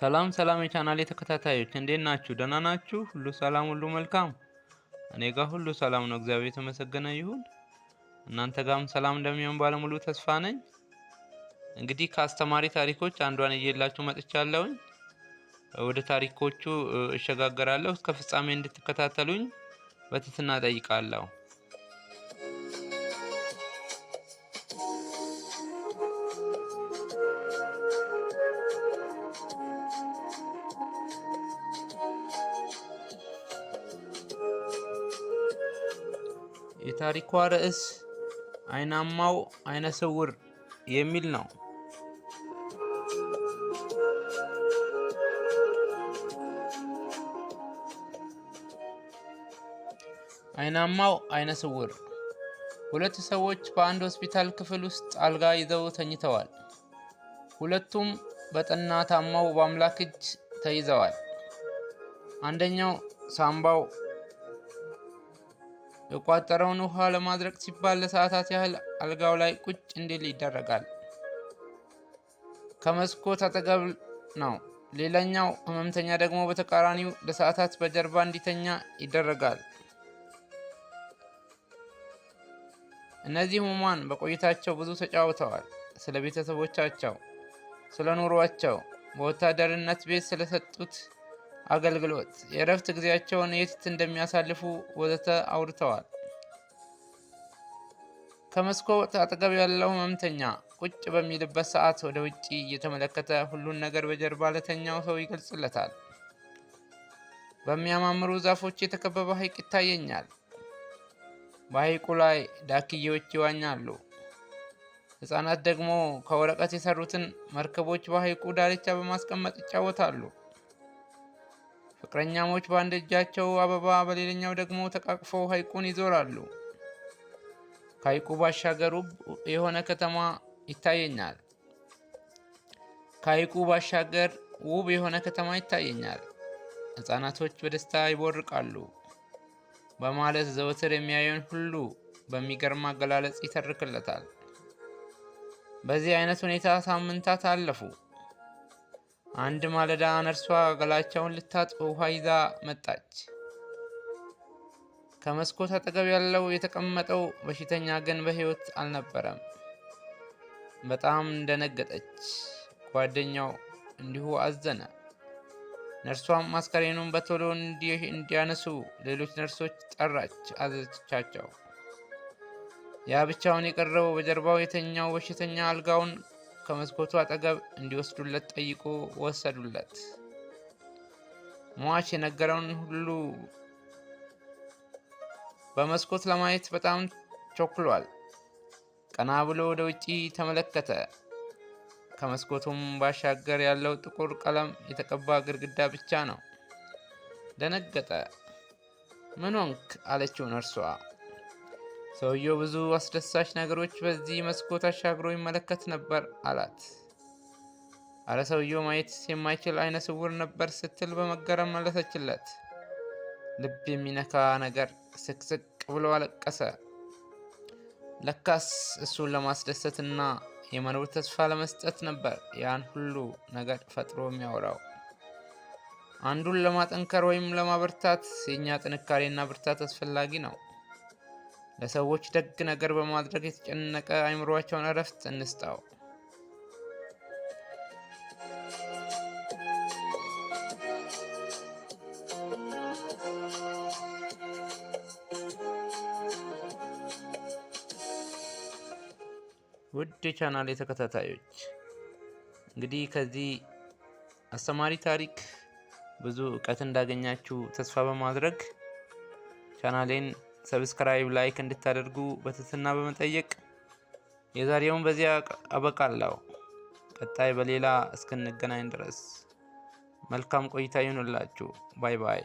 ሰላም ሰላም የቻናሌ ተከታታዮች እንዴት ናችሁ? ደህና ናችሁ? ሁሉ ሰላም፣ ሁሉ መልካም። እኔ ጋር ሁሉ ሰላም ነው፣ እግዚአብሔር የተመሰገነ ይሁን። እናንተ ጋርም ሰላም እንደሚሆን ባለሙሉ ተስፋ ነኝ። እንግዲህ ከአስተማሪ ታሪኮች አንዷን እየላችሁ መጥቻለሁኝ። ወደ ታሪኮቹ እሸጋገራለሁ። እስከ ፍጻሜ እንድትከታተሉኝ በትህትና ጠይቃለሁ። የታሪኳ ርዕስ አይናማው አይነ ስውር የሚል ነው። አይናማው አይነ ስውር ሁለት ሰዎች በአንድ ሆስፒታል ክፍል ውስጥ አልጋ ይዘው ተኝተዋል። ሁለቱም በጠና ታማው በአምላክ እጅ ተይዘዋል። አንደኛው ሳምባው የቋጠረውን ውሃ ለማድረቅ ሲባል ለሰዓታት ያህል አልጋው ላይ ቁጭ እንዲል ይደረጋል። ከመስኮት አጠገብ ነው። ሌላኛው ህመምተኛ ደግሞ በተቃራኒው ለሰዓታት በጀርባ እንዲተኛ ይደረጋል። እነዚህ ህሙማን በቆይታቸው ብዙ ተጫውተዋል። ስለ ቤተሰቦቻቸው፣ ስለ ኑሯቸው፣ በወታደርነት ቤት ስለሰጡት አገልግሎት፣ የእረፍት ጊዜያቸውን የት እንደሚያሳልፉ ወዘተ አውርተዋል። ከመስኮት አጠገብ ያለው ህመምተኛ ቁጭ በሚልበት ሰዓት ወደ ውጭ እየተመለከተ ሁሉን ነገር በጀርባ ለተኛው ሰው ይገልጽለታል። በሚያማምሩ ዛፎች የተከበበ ሐይቅ ይታየኛል። በሐይቁ ላይ ዳክዬዎች ይዋኛሉ። ሕፃናት ደግሞ ከወረቀት የሰሩትን መርከቦች በሐይቁ ዳርቻ በማስቀመጥ ይጫወታሉ። ፍቅረኛሞች በአንድ እጃቸው አበባ በሌላኛው ደግሞ ተቃቅፈው ሐይቁን ይዞራሉ። ከሐይቁ ባሻገር ውብ የሆነ ከተማ ይታየኛል። ከሐይቁ ባሻገር ውብ የሆነ ከተማ ይታየኛል። ሕፃናቶች በደስታ ይቦርቃሉ። በማለት ዘወትር የሚያየውን ሁሉ በሚገርም አገላለጽ ይተርክለታል። በዚህ አይነት ሁኔታ ሳምንታት አለፉ። አንድ ማለዳ ነርሷ ገላቸውን ልታጥብ ውሃ ይዛ መጣች። ከመስኮት አጠገብ ያለው የተቀመጠው በሽተኛ ግን በሕይወት አልነበረም። በጣም እንደነገጠች ጓደኛው እንዲሁ አዘነ። ነርሷም አስከሬኑን በቶሎ እንዲያነሱ ሌሎች ነርሶች ጠራች፣ አዘቻቸው። ያ ብቻውን በጀርባው የተኛው በሽተኛ አልጋውን ከመስኮቱ አጠገብ እንዲወስዱለት ጠይቆ ወሰዱለት። ሟች የነገረውን ሁሉ በመስኮት ለማየት በጣም ቸኩሏል። ቀና ብሎ ወደ ውጪ ተመለከተ። ከመስኮቱም ባሻገር ያለው ጥቁር ቀለም የተቀባ ግድግዳ ብቻ ነው። ደነገጠ። ምን ሆንክ? እርሷ ሰውየው ብዙ አስደሳች ነገሮች በዚህ መስኮት አሻግሮ ይመለከት ነበር አላት። አለ ሰውየው ማየት የማይችል አይነ ስውር ነበር ስትል በመገረም መለሰችለት። ልብ የሚነካ ነገር ስቅስቅ ብሎ አለቀሰ። ለካስ እሱን ለማስደሰትና የመኖር ተስፋ ለመስጠት ነበር ያን ሁሉ ነገር ፈጥሮ የሚያወራው። አንዱን ለማጠንከር ወይም ለማበርታት የእኛ ጥንካሬና ብርታት አስፈላጊ ነው። ለሰዎች ደግ ነገር በማድረግ የተጨነቀ አይምሯቸውን እረፍት እንስጠው። ውድ ቻናል ተከታታዮች እንግዲህ ከዚህ አስተማሪ ታሪክ ብዙ እውቀት እንዳገኛችሁ ተስፋ በማድረግ ቻናሌን ሰብስክራይብ፣ ላይክ እንድታደርጉ በትህትና በመጠየቅ የዛሬውን በዚያ አበቃለሁ። ቀጣይ በሌላ እስክንገናኝ ድረስ መልካም ቆይታ ይሁንላችሁ። ባይ ባይ።